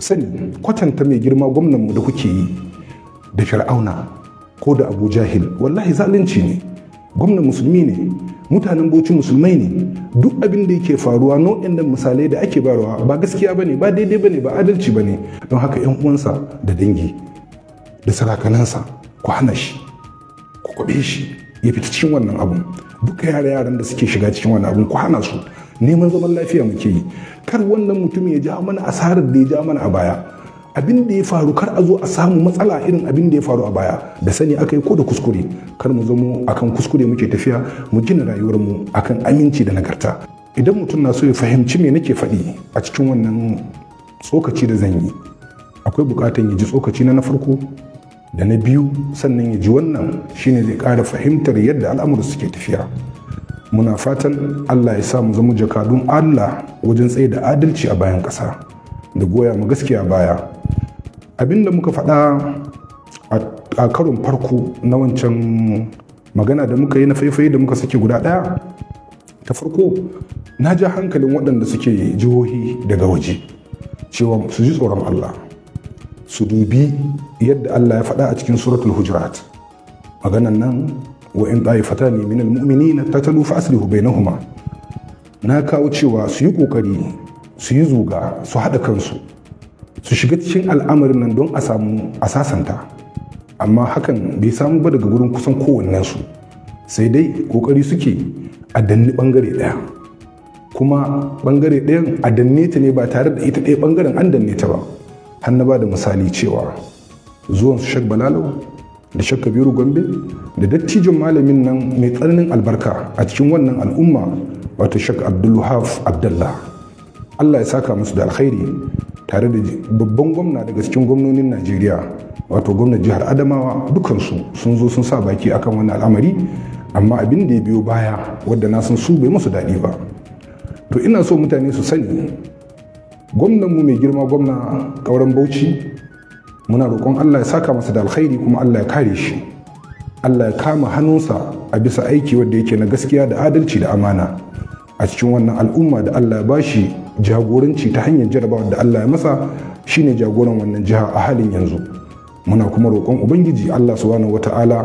ku sani kwatanta mai girma gwamnanmu da kuke yi da fir'auna ko da abu jahil wallahi zalunci ne gwamnan musulmi ne mutanen bauchi musulmai ne duk abin da yake faruwa nau'in da misalai da ake barawa ba gaskiya bane ba daidai bane ba adalci bane don haka yan uwansa da dangi da sarakanansa ku hana shi ku kwabe shi ya fita cikin wannan abun duka yara yaran da suke shiga cikin wannan abun ku hana su neman zaman lafiya muke yi kar wannan mutum ya ja mana asarar da ya ja mana a baya abin da ya faru kar a zo a samu matsala irin abin da ya faru a baya da sani aka yi ko da kuskure kar mu zamo akan kuskure muke tafiya mu gina rayuwarmu akan aminci da nagarta idan mutum na so ya fahimci me nake faɗi a cikin wannan tsokaci da zan yi akwai bukatan ya ji tsokaci na na farko da na biyu sannan ya ji wannan shine zai ƙara fahimtar yadda al'amura suke tafiya muna fatan allah ya sa mu zama jakadun allah wajen tsaye da adalci a bayan ƙasa da goya mu gaskiya baya abinda muka faɗa a karon farko na wancan magana da muka yi na faifai da muka sake guda ɗaya ta farko na ja hankalin waɗanda suke jihohi daga waje cewa su ji tsoron allah su dubi yadda allah ya faɗa a cikin suratul hujurat maganan nan wa'in ɗa'ifata ne minal mu'mini na tattalu fasilihu bainahuma na kawo cewa su yi ƙoƙari su yi zuga su haɗa kansu su shiga cikin al'amarin nan don a samu a sasanta amma hakan bai samu ba daga gurin kusan kowannensu sai dai ƙoƙari suke a danni ɓangare ɗaya kuma ɓangare ɗayan a danne ta ne ba tare da ita ɗaya ɓangaren an danne ta ba har na ba da misali cewa zuwan su shek balalau da shakka biru gombe da dattijon malamin nan mai tsananin albarka a cikin wannan al'umma wato shak abdulluhaf abdallah allah ya saka musu da alkhairi tare da babban gwamna daga cikin gwamnonin najeriya wato gwamnan jihar adamawa dukansu sun zo sun sa baki akan wannan al'amari amma abin da ya biyo baya wadda na san su bai musu daɗi ba to ina so mutane su sani gwamnanmu mai girma gwamna ƙauren bauchi muna roƙon Allah ya saka masa da alkhairi kuma Allah ya kare shi Allah ya kama hannunsa a bisa aiki wanda yake na gaskiya da adalci da amana a cikin wannan al'umma da Allah ya bashi jagoranci ta hanyar jarabawar da Allah ya masa shine jagoran wannan jiha a halin yanzu muna kuma roƙon ubangiji Allah subhanahu wata'ala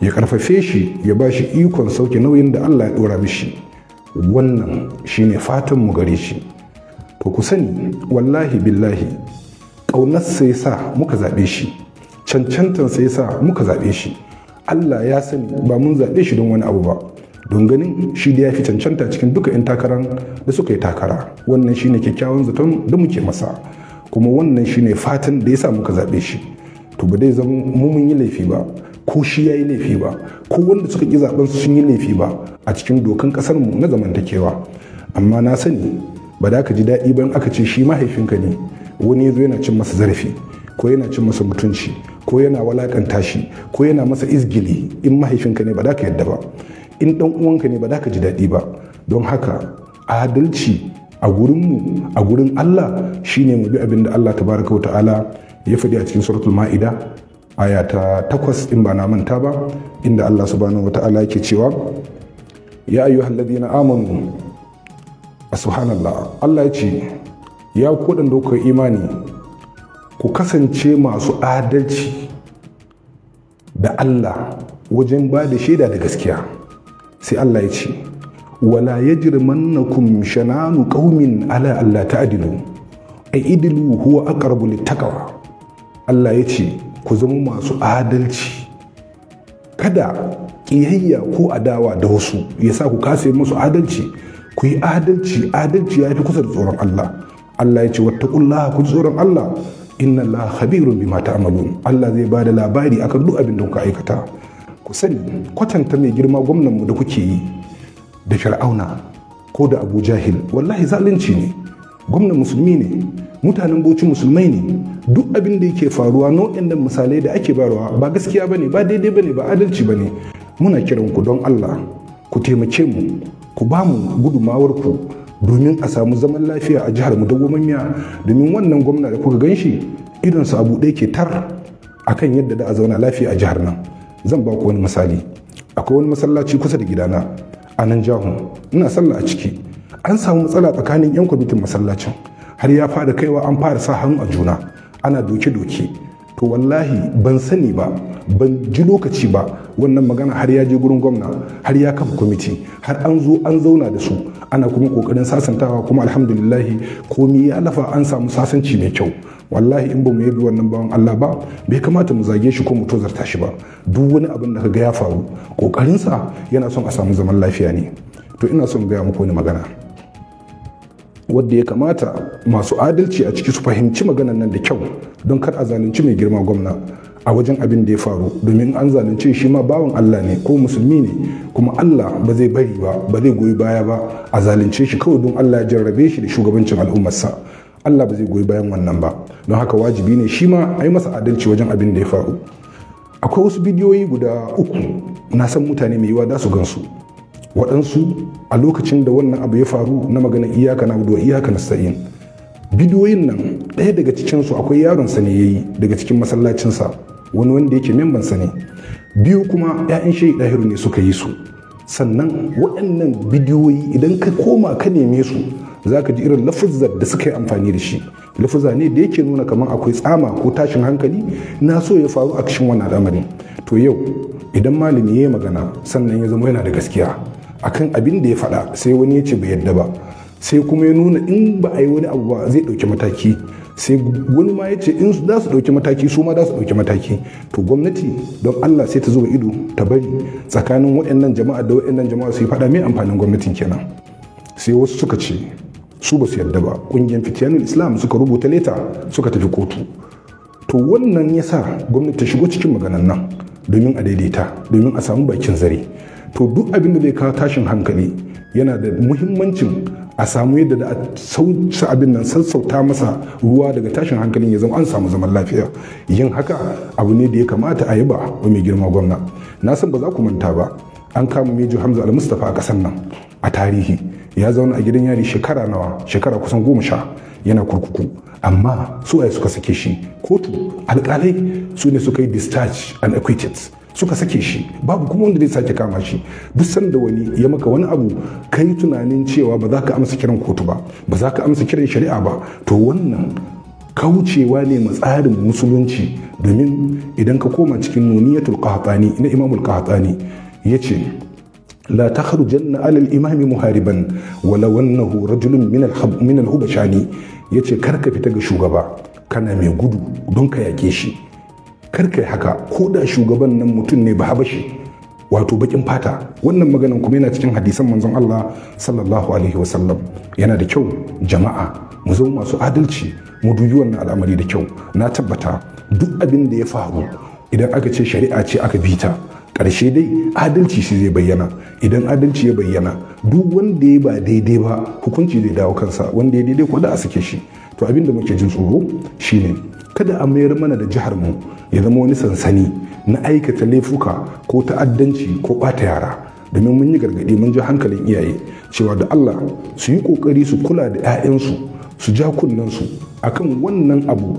ya karfafe shi ya bashi ikon sauke nauyin da Allah ya ɗora mishi wannan shine fatan mu gare shi to ku sani wallahi billahi ƙaunarsa ya sa muka zaɓe shi cancantar ya sa muka zaɓe shi allah ya sani ba mun zaɓe shi don wani abu ba don ganin shi da ya fi cancanta cikin duka 'yan takaran da suka yi takara wannan shi ne kyakkyawan zaton da muke masa kuma wannan shi ne fatan da ya sa muka zaɓe shi to ba dai zama mu mun yi laifi ba ko shi ya yi laifi ba ko wanda suka ƙi zaɓen sun yi laifi ba a cikin dokan ƙasar mu na zamantakewa amma na sani ba da ka ji daɗi ba in aka ce shi mahaifinka ne wani ya zo yana cin masa zarafi ko yana cin masa mutunci ko yana walakanta shi ko yana masa izgili in mahaifinka ne ba za ka yadda ba in dan uwanka ne ba za ka ji daɗi ba don haka adalci a gurinmu a gurin Allah shine mu bi abin da Allah tabaraka wa ta'ala ya faɗi a cikin suratul ma'ida aya ta takwas in ba na manta ba inda Allah subhanahu wa ta'ala yake cewa ya ayyuhal ladina amanu subhanallah Allah ya ce ya kuɗin dokar imani ku kasance masu adalci da Allah wajen ba da shaida da gaskiya sai Allah ya ce wala yajrimannakum shananu qaumin ala ta ta'dilu a idilu huwa aqrabu littaqwa Allah ya ce ku zama masu adalci kada ƙiyayya ko adawa da wasu ya sa ku kasa masu adalci ku yi adalci adalci ya fi kusa da tsoron Allah Allah ya ce wattaqullaha ku tsoron Allah inna Allah khabirun bima ta'malun Allah zai ba da labari akan duk abin da kuka aikata ku sani kwatanta mai girma gwamnan mu da kuke yi da Fir'auna ko da Abu Jahil wallahi zalunci ne gwamnan musulmi ne mutanen boci musulmai ne duk abin da yake faruwa nau'in da misalai da ake barawa ba gaskiya bane ba daidai bane ba adalci bane muna kiran ku don Allah ku taimake mu ku ba mu gudumawar ku domin a samu zaman lafiya a jihar mu da dawwamammiya domin wannan gwamna da kuka ganshi idon su abu ɗaya ke tar akan yadda da a zauna lafiya a jihar nan zan ba ku wani misali akwai wani masallaci kusa da gidana a nan jahun ina sallah a ciki an samu matsala tsakanin yan kwamitin masallacin har ya fara kaiwa an fara sa hannu a juna ana doke-doke to wallahi ban sani ba ban ji lokaci ba wannan magana har ya je gurin gwamna har ya kafa kwamiti har an zo an zauna da su ana kuma kokarin sasantawa kuma alhamdulillahi komi ya lafa an samu sasanci mai kyau wallahi in ba mu yabi wannan bawan Allah ba bai kamata mu zage shi ko mu tozarta shi ba duk wani abin da kaga ya faru kokarinsa yana son a samu zaman lafiya ne to ina son gaya muku wani magana wadda ya kamata masu adalci a ciki su fahimci maganan nan da kyau don kar a zalunci mai girma gwamna a wajen abin da ya faru domin an zalunce shi ma bawan Allah ne ko musulmi ne kuma Allah ba zai bari ba ba zai goyi baya ba a zalunce shi kawai don Allah ya jarrabe shi da shugabancin al'ummarsa Allah ba zai goyi bayan wannan ba don haka wajibi ne shi ma a yi masa adalci wajen abin da ya faru akwai wasu bidiyoyi guda uku na san mutane mai yiwa da su gansu waɗansu a lokacin da wannan abu ya faru na magana iyaka na wa iyaka na sa'in bidiyoyin nan ɗaya daga cikinsu akwai yaron sa ne ya yi daga cikin masallacinsa wani wanda yake memban sa ne biyu kuma 'ya'yan shehi ɗahiru ne suka yi su sannan waɗannan bidiyoyi idan ka koma ka neme su za ka ji irin lafuzar da suka yi amfani da shi lafuza ne da yake nuna kamar akwai tsama ko tashin hankali na so ya faru a cikin wannan al'amarin to yau idan malami ya yi magana sannan ya zama yana da gaskiya akan abin da ya faɗa sai wani ya ce bai yadda ba sai kuma ya nuna in ba a yi wani abu ba zai ɗauki mataki sai wani ma ya ce in za su ɗauki mataki su ma za su ɗauki mataki to gwamnati don allah sai ta zuba ido ta bari tsakanin waɗannan jama'a da waɗannan jama'a su yi faɗa mai amfanin gwamnatin kenan sai wasu suka ce su ba su yarda ba ƙungiyar fitiyanin islam suka rubuta leta suka tafi kotu to wannan ya sa gwamnati ta shigo cikin maganan nan domin a daidaita domin a samu bakin zare to duk abin da zai kawo tashin hankali yana da muhimmancin a samu yadda da a abin nan sassauta masa ruwa daga tashin hankalin ya zama an samu zaman lafiya yin haka abu ne da ya kamata a yaba wa mai girma gwamna na san ba za ku manta ba an kama mejo hamza al-mustapha a kasan nan a tarihi ya zauna a gidan yari shekara nawa shekara kusan goma sha yana kurkuku amma su suka sake shi kotu alkalai su ne suka yi discharge and acquittance suka sake shi babu kuma wanda zai sake kama shi duk sanda wani ya maka wani abu kai tunanin cewa ba za ka amsa kiran kotu ba ba za ka amsa kiran shari'a ba to wannan kaucewa ne ma tsarin musulunci domin idan ka koma cikin nuniyatul qahtani na imamul qahtani yace al-imam muhariban الإمام محاربا rajulun min al من min al-hubashani yace kar ka fita ga shugaba kana mai gudu don ka yake shi kar yi haka ko da shugaban nan mutum ne ba habashi wato bakin fata wannan maganan kuma yana cikin hadisan manzon Allah sallallahu alaihi wasallam yana da kyau jama'a mu zama masu adalci mu dubi wannan al'amari da kyau na tabbata duk abin da ya faru idan aka ce shari'a ce aka bi ta karshe dai adalci shi zai bayyana idan adalci ya bayyana duk wanda ya ba daidai ba hukunci zai dawo kansa wanda ya daidai ko da a sake shi to abin da muke jin tsoro shine kada a mayar mana da jihar mu ya zama wani sansani na aikata laifuka ko ta'addanci ko ɓata yara domin mun yi gargaɗi mun ji hankalin iyaye cewa da Allah su yi ƙoƙari su kula da 'ya'yansu su ja kunnensu akan wannan abu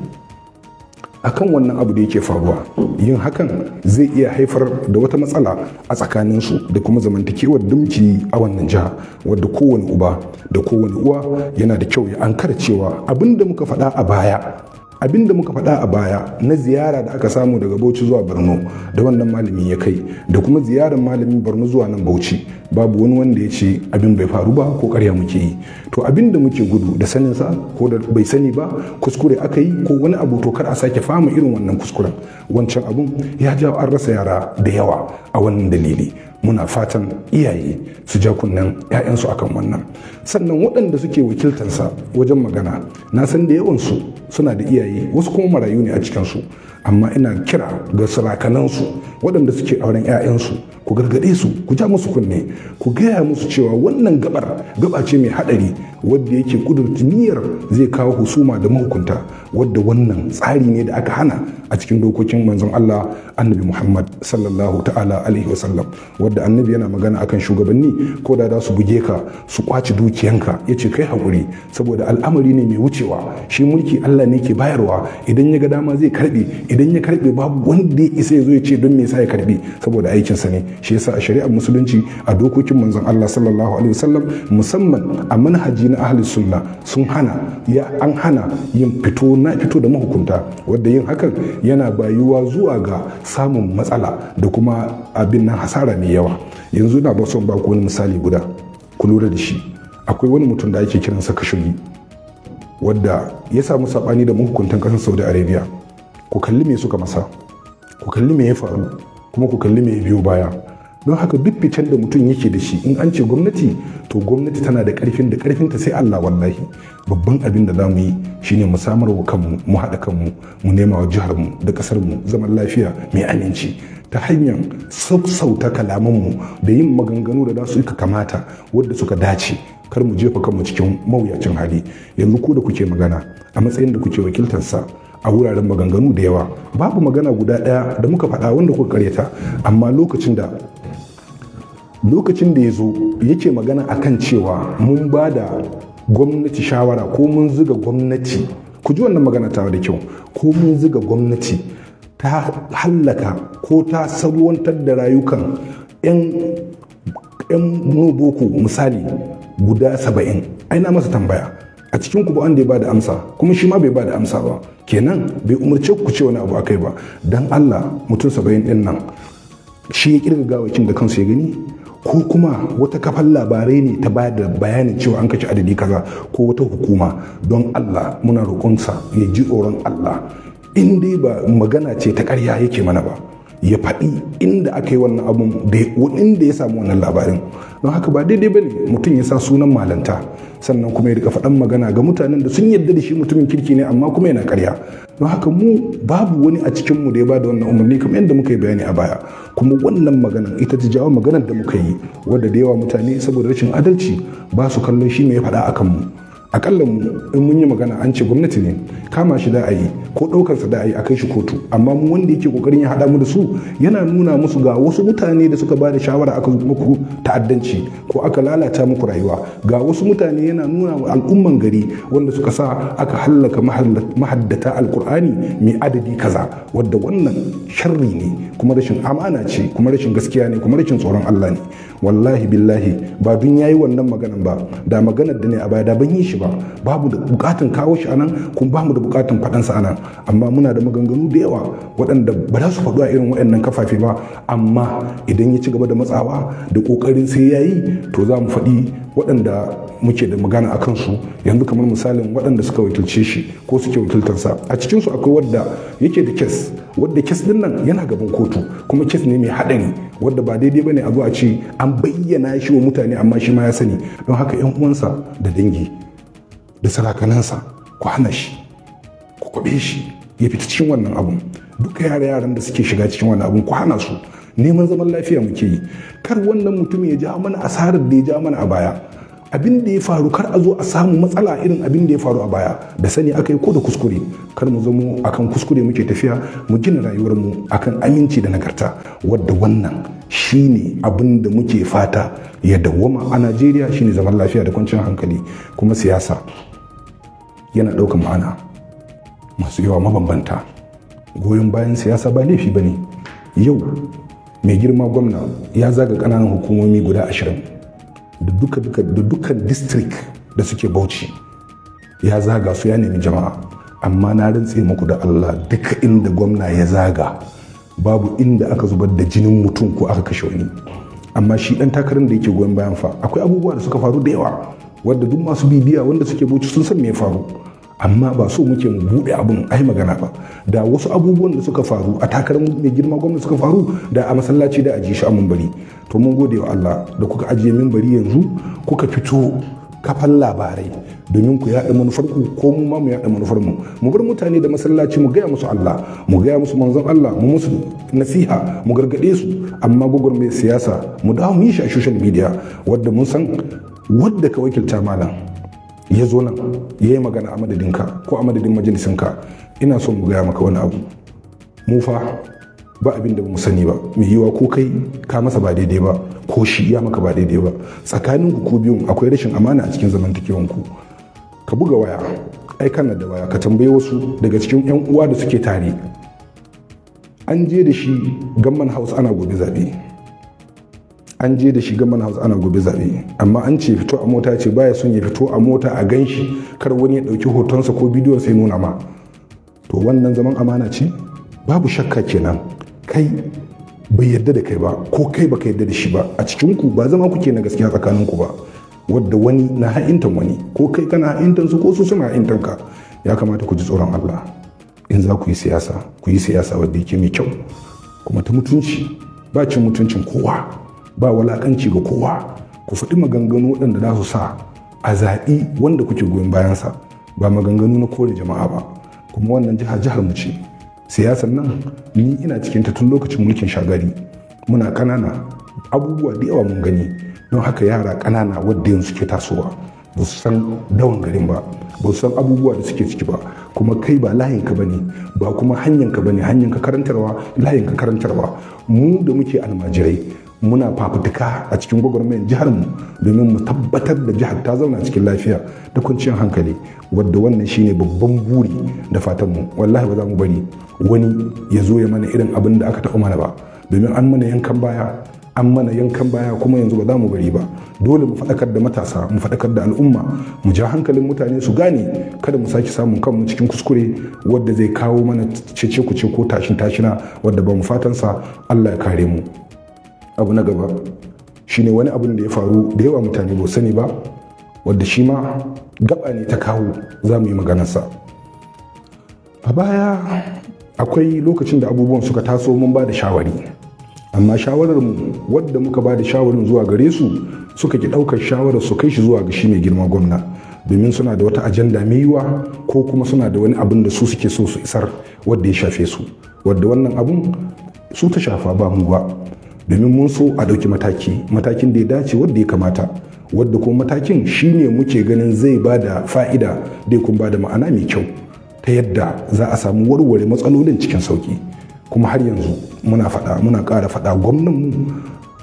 akan wannan abu da yake faruwa yin hakan zai iya haifar da wata matsala a tsakaninsu da kuma zamantakewar dumki a wannan jiha wadda kowane uba da kowane uwa yana da kyau ya ankara cewa abin da muka faɗa a baya abin da muka faɗa a baya na ziyara da aka samu daga bauchi zuwa borno da wannan malami ya kai da kuma ziyarar malamin borno zuwa nan bauchi babu wani wanda ya ce abin bai faru ba ko karya muke yi to abin da muke gudu da sanin sa ko da bai sani ba kuskure aka yi ko wani abu to kar a sake fama irin wannan kuskuren wancan abun ya jawo an rasa yara da yawa a wannan dalili muna fatan iyaye su ja kunnen 'ya'yansu akan wannan sannan waɗanda suke wakiltansa wajen magana na san da yawansu suna da iyaye wasu kuma marayu ne a cikinsu amma ina kira ga sarakanansu waɗanda suke auren 'ya'yansu ku gargade su ku ja musu kunne ku gaya musu cewa wannan gabar gaba ce mai hadari wadda yake kudurta niyyar zai kawo husuma da mahukunta wadda wannan tsari ne da aka hana a cikin dokokin manzon Allah annabi Muhammad sallallahu ta'ala alaihi wasallam wadda annabi yana magana akan shugabanni ko da da su buge ka su kwaci dukiyanka ya ce kai hakuri saboda al'amari ne mai wucewa shi mulki Allah ne ke bayarwa idan ya ga dama zai karbe idan ya karbe babu wanda ya isa ya zo ya ce don me yasa ya karbe saboda aikinsa ne shi yasa a shari'ar musulunci a dokokin manzon Allah sallallahu alaihi wasallam musamman a manhaji na ahli sunna sun hana ya an hana yin fito na fito da mahukunta wanda yin hakan yana bayuwa zuwa ga samun matsala da kuma abin nan hasara mai yawa yanzu na ba son ba ku wani misali guda ku lura da shi akwai wani mutum da ake kiransa kashugi wadda ya samu sabani da mahukuntan kasar saudi arabia ku kalli me suka masa ku kalli me ya faru kuma ku kalli mai biyo baya don haka duk ficen da mutum yake da shi in an ce gwamnati to gwamnati tana da karfin da karfinta sai Allah wallahi babban abin da za mu yi shine mu samar wa kanmu mu haɗa kanmu mu nema wa jihar mu da ƙasarmu mu zaman lafiya mai aminci ta hanyar sassauta kalamanmu da yin maganganu da su ka kamata wadda suka dace kar mu jefa kanmu cikin mawuyacin hali yanzu ko da kuke magana a matsayin da kuke wakiltarsa a wuraren maganganu da yawa babu magana guda ɗaya da muka faɗa wanda kuka karyata amma lokacin da lokacin da ya zo yake magana akan cewa mun ba da gwamnati shawara ko mun ziga gwamnati ku ji wannan magana ta da kyau ko mun zuga gwamnati ta hallaka ko ta salwantar da rayukan 'yan boko misali guda saba'in aina masa tambaya a cikin ku ba wanda ya da amsa kuma shi ma bai bada amsa ba kenan bai umarce ku ce wani abu akai ba dan Allah mutum saba'in din nan shi ya kirga gawakin da kansu ya gani ko kuma wata kafan labarai ne ta bayar da bayanin cewa an kaci adadi kaza ko wata hukuma don Allah muna roƙonsa ya ji tsoron Allah in dai ba magana ce ta ƙarya yake mana ba ya faɗi inda aka yi wannan abun inda ya samu wannan labarin don haka ba daidai ba ne mutum ya sa sunan malanta sannan kuma ya rika faɗan magana ga mutanen da sun yarda da shi mutumin kirki ne amma kuma yana karya don haka mu babu wani a cikin mu da ya ba da wannan umarni kamar yadda muka yi bayani a baya kuma wannan maganan ita ta jawo maganar da muka yi wadda da yawa mutane saboda rashin adalci ba su kallon shi ne ya faɗa akan mu akalla mu in mun yi magana an ce gwamnati ne kama shi da a yi ko ɗaukar sa da a yi a kai shi kotu amma mu wanda yake kokarin ya haɗa mu da su yana nuna musu ga wasu mutane da suka ba da shawara aka muku ta'addanci ko aka lalata muku rayuwa ga wasu mutane yana nuna wa al'umman gari wanda suka sa aka hallaka mahaddata alkur'ani mai adadi kaza wadda wannan sharri ne kuma rashin amana ce kuma rashin gaskiya ne kuma rashin tsoron Allah ne wallahi billahi ba dun yayi wannan maganan ba da maganar da ne a baya da ban yi shi ba babu da bukatun kawo shi anan kuma bamu da bukatun faɗansa anan amma muna da maganganu da yawa waɗanda ba za su faɗo a irin waɗannan kafafe ba amma idan ya ci gaba da matsawa da ƙoƙarin sai ya yi to za mu faɗi waɗanda muke da magana a kansu yanzu kamar misalin waɗanda suka wakilce shi ko suke wakiltarsa a cikinsu akwai wadda yake da kes wadda kes ɗin nan yana gaban kotu kuma kes ne mai haɗari wadda ba daidai ba ne a zo a ce an bayyana shi wa mutane amma shi ma ya sani don haka 'yan uwansa da dangi da sarakanansa ku hana shi kwakwabe shi ya fita cikin wannan abun duka yara yaran da suke shiga cikin wannan abun ku hana su neman zaman lafiya muke yi kar wannan mutum ya ja mana asarar da ya ja mana a baya abin da ya faru kar a zo a samu matsala irin abin da ya faru a baya da sani aka yi ko da kuskure kar mu zamo akan kuskure muke tafiya mu gina rayuwar rayuwarmu akan aminci da nagarta wadda wannan shine abin da muke fata ya dawwama a najeriya shine zaman lafiya da kwanciyar hankali kuma siyasa yana ɗaukar ma'ana masu yawa mabambanta goyon bayan siyasa ba laifi ba ne yau mai girma gwamna ya zaga kananan hukumomi guda ashirin da dukkan district da suke bauchi ya zaga su ya nemi jama'a amma na rantse muku da allah duka inda gwamna ya zaga babu inda aka zubar da jinin mutum ko aka kashe wani amma shi dan takarar da yake goyon bayan fa akwai abubuwa da suka faru da yawa wadda duk masu bibiya wanda suke bauchi sun san me ya faru amma ba so muke mu buɗe abun ai magana ba da wasu abubuwan da suka faru a takarar mai girma gwamnati suka faru da a masallaci da aji shi a bari to mun gode wa Allah da kuka ajiye bari yanzu kuka fito kafan labarai domin ku yaɗa manufar ku ko mu ma mu yaɗa manufar mu mu bar mutane da masallaci mu gaya musu Allah mu gaya musu manzon Allah mu musu nasiha mu gargade su amma mai siyasa mu dawo mu yi shi a social media wadda mun san wadda ka wakilta malam ya zo nan ya yi magana a madadinka ko a madadin majalisinka ina son mu gaya maka wani abu mu fa ba abin da mu sani ba mai yiwa ko kai ka masa ba daidai ba ko shi ya maka ba daidai ba tsakanin ku biyun akwai rashin amana a cikin zamantakewan ku ka buga waya ai kana da waya ka tambayi wasu daga cikin yan uwa da suke tare an je da shi gamman house ana gobe zabe an je da shi gaman hausa ana gobe zaɓe amma an ce fito a mota ce baya son ya fito a mota a gan shi kar wani ya ɗauki hotonsa ko bidiyon sai nuna ma to wannan zaman amana ce babu shakka kenan kai bai yarda da kai ba ko kai baka yarda da shi ba a cikin ku ba zama kuke na gaskiya tsakanin ku ba wadda wani na ha'intan wani ko kai kana ha'intan su ko su suna ha'intan ka ya kamata ku ji tsoron Allah in za ku yi siyasa ku yi siyasa wadda yake mai kyau kuma ta mutunci ba cin mutuncin kowa ba walakanci ga kowa ku faɗi maganganu waɗanda za su sa a zaɓi wanda kuke goyon bayansa ba maganganu na kore jama'a ba kuma wannan jiha jihar mu ce siyasar nan ni ina cikin ta tun lokacin mulkin shagari muna ƙanana abubuwa da yawa mun gani don haka yara ƙanana wadda yanzu suke tasowa ba su san dawan garin ba ba su san abubuwa da suke ciki ba kuma kai ba layinka ba ne ba kuma hanyanka bane ne hanyanka karantarwa ka karantarwa mu da muke almajirai muna fafutuka a cikin gwagwarmayar jihar mu domin mu tabbatar da jihar ta zauna cikin lafiya da kwanciyar hankali wadda wannan shine babban buri da fatanmu. wallahi ba za mu bari wani ya zo ya mana irin abin da aka taɓa mana ba domin an mana yankan baya an mana yankan baya kuma yanzu ba za mu bari ba dole mu faɗakar da matasa mu faɗakar da al'umma mu ja hankalin mutane su gane kada mu sake samun kanmu cikin kuskure wadda zai kawo mana cece ce ko tashin tashina wadda ba mu fatansa Allah ya kare mu abu na gaba shine wani abin da ya faru da yawa mutane ba sani ba wadda shi ma gaba ne ta kawo za mu yi maganarsa a baya akwai lokacin da abubuwan suka taso mun ba da shawari amma shawarar mu wadda muka ba da shawarin zuwa gare su suka ki ɗaukar shawarar su kai shi zuwa ga shi mai girma gwamna domin suna da wata ajanda mai yiwa ko kuma suna da wani abin da su suke so su isar wadda ya shafe su wadda wannan abun su ta shafa ba mu ba domin mun so a ɗauki mataki matakin da ya dace wadda ya kamata wadda kuma matakin shine muke ganin zai ba da fa'ida da kuma ba da ma'ana mai kyau ta yadda za a samu warware matsalolin cikin sauki kuma har yanzu muna faɗa muna ƙara faɗa gwamnan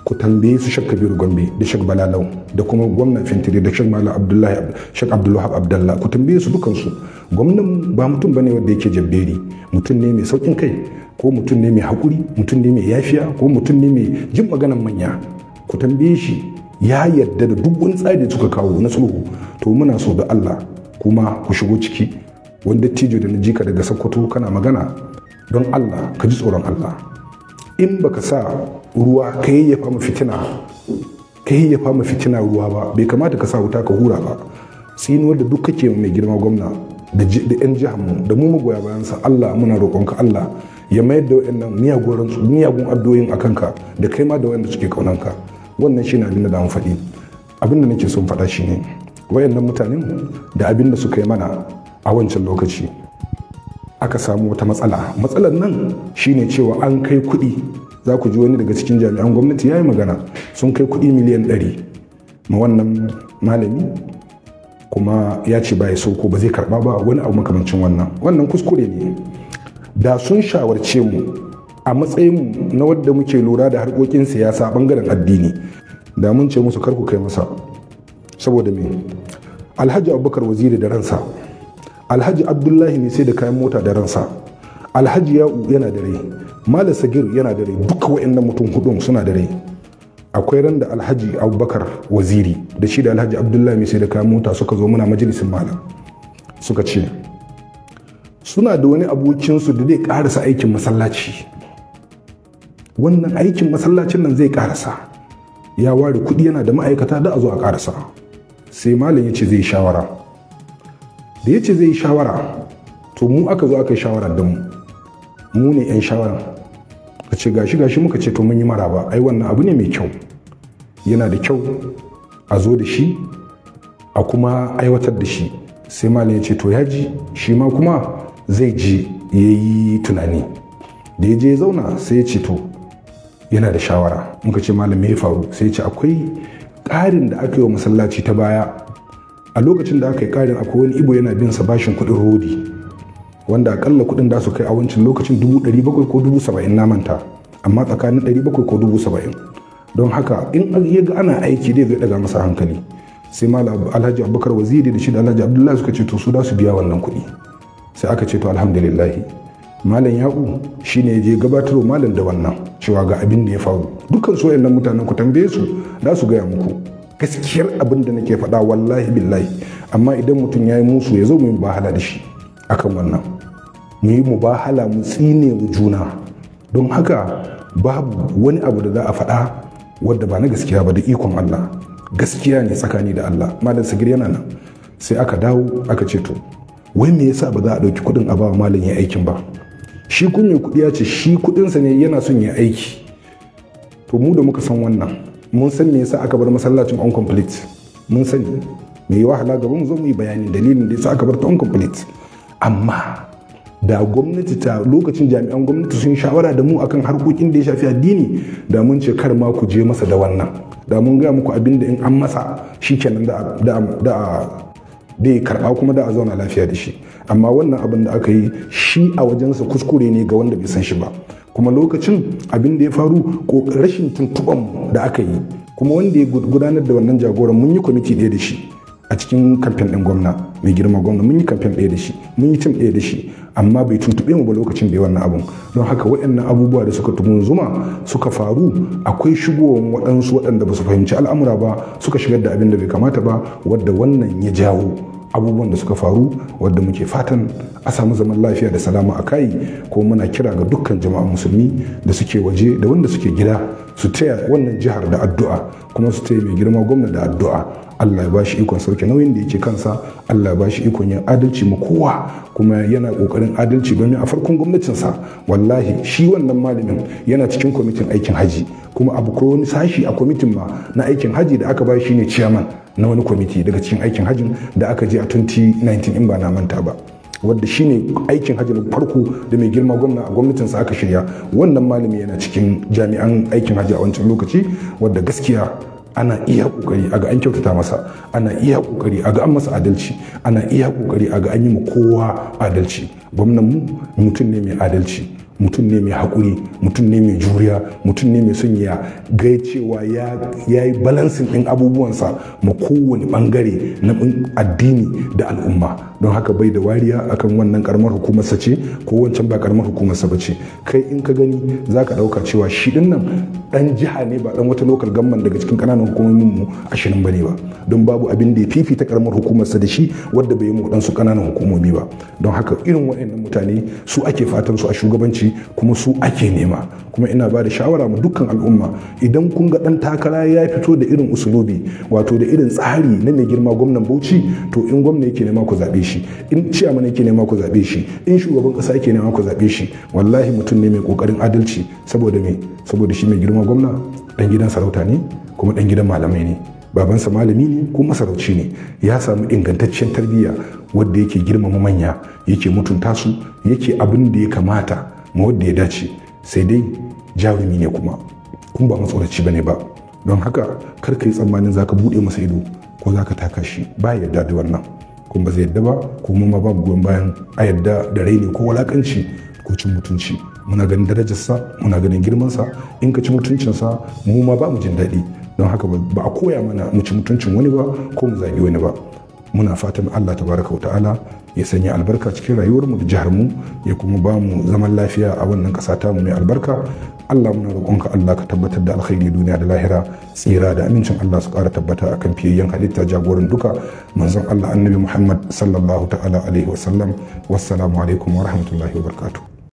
ku tambaye su shak kabiru gombe da shak balalau da kuma gwamnan fintiri da shak malam abdullahi shak abdullahi abdallah ku tambaye su dukansu gwamnan ba mutum bane wadda yake jabberi mutum ne mai saukin kai ko mutum ne mai haƙuri mutum ne mai yafiya ko mutum ne mai jin maganan manya ku tambaye shi ya yarda da duk wani tsari da suka kawo na sulhu to muna so da Allah kuma ku shigo ciki wanda tijo da na jika daga Sokoto kana magana don Allah ka ji tsoron Allah in baka sa ruwa ka yayyafa ma fitina ka yayyafa mu fitina ruwa ba bai kamata ka sa wuta ka hura ba tsinuwar da duk kake mai girma gwamna da 'yan mu da mu magoya bayansa Allah muna roƙonka Allah ya mayar da wayannan miyagun miyagun addu'o'in a kanka da kai ma da wayanda suke ƙaunanka wannan shine abin da da faɗi abin da nake son faɗa shine wayannan mutanen da abin da suka yi mana a wancan lokaci aka samu wata matsala matsalar nan shine cewa an kai kuɗi za ku ji wani daga cikin jami'an gwamnati ya yi magana sun kai kuɗi miliyan ɗari ma wannan malami kuma ya ce ba ya so ko ba zai karba ba wani abu makamancin wannan wannan kuskure ne da sun shawarce mu a matsayin na wadda muke lura da harkokin siyasa bangaren addini da mun ce musu karku kai masa saboda me alhaji abubakar waziri da ransa alhaji abdullahi ne sai da kayan mota da ransa alhaji ya'u yana da rai malam sagir yana da rai duka wa'annan mutum hudun suna da rai akwai ran da alhaji abubakar waziri da shi da alhaji abdullahi mai sai da kayan mota suka zo muna majalisin malam suka ce suna da wani abokinsu da zai karasa aikin masallaci wannan aikin masallacin nan zai karasa ya ware kuɗi yana da ma'aikata da a zo a karasa sai malam ya ce zai shawara da ya ce zai shawara to mu aka zo aka yi shawara da mu mu ne 'yan shawara ka ce gashi gashi muka ce to mun yi maraba ai wannan abu ne mai kyau yana da kyau a zo da shi a kuma aiwatar da shi sai malam ya ce to ya ji shi ma kuma zai ji ya yi tunani da ya je ya zauna sai ya ce to yana da shawara muka ce malam ya faru sai ya ce akwai ƙarin da aka yi wa masallaci ta baya a lokacin da aka yi ƙarin akwai wani ibo yana bin sa bashin kuɗin rodi wanda akalla kuɗin da su kai a wancan lokacin dubu ɗari bakwai ko dubu saba'in na manta amma tsakanin ɗari bakwai ko dubu saba'in don haka in ya ga ana aiki dai zai daga masa hankali sai malam alhaji abubakar waziri da shi da alhaji abdullahi suka ce to su da su biya wannan kuɗi sai aka ce to alhamdulillahi malam yaƙu shi ne je gabatarwa malam da wannan cewa ga abin da ya faru dukkan su wayannan mutanen ku tambaye su za su gaya muku gaskiyar abin da nake faɗa wallahi billahi amma idan mutum ya yi musu ya zo mu yi bahala da shi akan wannan mu yi mu bahala mu tsine wa juna don haka babu wani abu da za a faɗa wadda ba na gaskiya ba da ikon Allah gaskiya ne tsakani da Allah malam sagir yana nan sai aka dawo aka ce to wai me yasa ba za a ɗauki kuɗin a bawa malam ya aikin ba shi kun mai kuɗi ya ce shi kuɗinsa ne yana son ya aiki to mu da muka san wannan mun san me yasa aka bar masallacin on complete mun sani me wahala gaba mu zo mu yi bayani dalilin da yasa aka bar ta on complete amma da gwamnati ta lokacin jami'an gwamnati sun shawara da mu akan harkokin da ya shafi addini da mun ce kar ma ku je masa da wannan da mun gaya muku abin da in an masa kenan da da da ya karba kuma da a zauna lafiya da shi amma wannan abin da aka yi shi a wajensa kuskure ne ga wanda bai san shi ba kuma lokacin abin da ya faru rashin tuntuɓan da aka yi kuma wanda ya gudanar da wannan jagoran mun yi kwamiti ɗaya da shi a cikin kamfen ɗin gwamna mai girma gwamna mun yi kamfen ɗaya da shi mun yi tim ɗaya da shi amma bai tuntuɓe mu ba lokacin da wannan abun don haka waɗannan abubuwa da suka zuma suka faru akwai shigowan waɗansu waɗanda ba su fahimci al'amura ba suka shigar da abin da bai kamata ba wadda wannan ya jawo abubuwan da suka faru wadda muke fatan a samu zaman lafiya da salama a kai ko muna kira ga dukkan jama'a musulmi da suke waje da wanda suke gida su taya wannan jihar da addu'a kuma su taya mai girma gwamna da addu'a Allah ya ba shi ikon sauke nauyin da yake kansa Allah ya ba shi ikon yin adalci ma kowa kuma yana kokarin adalci domin a farkon gwamnatinsa wallahi shi wannan malamin yana cikin kwamitin aikin haji kuma abu ko wani sashi a kwamitin ma na aikin haji da aka ba shi ne ciyaman na wani kwamiti daga cikin aikin hajin da aka je a 2019 in ba na manta ba wadda shine aikin hajji na farko da mai girma gwamna a gwamnatinsa aka shirya wannan malami yana cikin jami'an aikin hajji a wancan lokaci wadda gaskiya ana iya kokari ga an kyautata masa ana iya kokari ga an masa adalci ana iya kokari ga an yi ma kowa adalci gwamnan mu mutum ne mai adalci mutum ne mai haƙuri mutum ne mai juriya mutum ne mai son ya gai cewa ya yi balansin ɗin abubuwansa ma kowane ɓangare na addini da al'umma don haka bai da wariya akan wannan karamar hukumar sa ce ko wancan ba karamar hukumar sa bace kai in ka gani zaka ɗauka cewa shi din nan dan jiha ne ba dan wata local gamman daga cikin kananan hukumomin mu ba bane ba don babu abin da ya fifita karamar hukumar sa da shi wadda bai yi mu dan su kananan hukumomi ba don haka irin waɗannan mutane su ake fatan su a shugabanci kuma su ake nema kuma ina ba da shawara mu dukkan al'umma idan kun ga dan takara ya fito da irin usulobi wato da irin tsari na mai girma gwamnan Bauchi to in gwamna yake nema ku zaɓe shi shi in ciyaman yake nema ku zaɓe shi in shugaban ƙasa yake nema ku zaɓe shi wallahi mutum ne mai kokarin adalci saboda me saboda shi mai girma gwamna ɗan gidan sarauta ne kuma ɗan gidan malamai ne babansa malami ne ko masarauci ne ya samu ingantaccen tarbiyya wadda yake girmama manya yake mutunta su yake abin da ya kamata ma wadda ya dace sai dai jarumi ne kuma kun ba matsoraci bane ba don haka kar ka yi tsammanin zaka bude masa ido ko zaka taka shi ba yadda da wannan kuma zai yadda ba kuma ma babu goyon bayan a yadda da raini ko walakanci ko cin mutunci muna ganin darajarsa muna ganin girmansa in ka ci mutuncinsa mu ma ba mu jin daɗi don haka ba a koya mana mu ci mutuncin wani ba ko mu zagi wani ba muna fatan Allah tabaraka wa ta'ala ya sanya albarka cikin rayuwarmu da jiharmu ya kuma ba mu zaman lafiya a wannan ƙasa mu mai albarka Allah muna roƙonka Allah ka tabbatar da alkhairi duniya da lahira tsira da amincin Allah su ƙara tabbata akan fiyayyen halitta jagoran duka manzon Allah annabi Muhammad sallallahu ta'ala alaihi wa sallam wassalamu alaikum wa rahmatullahi wa barakatuh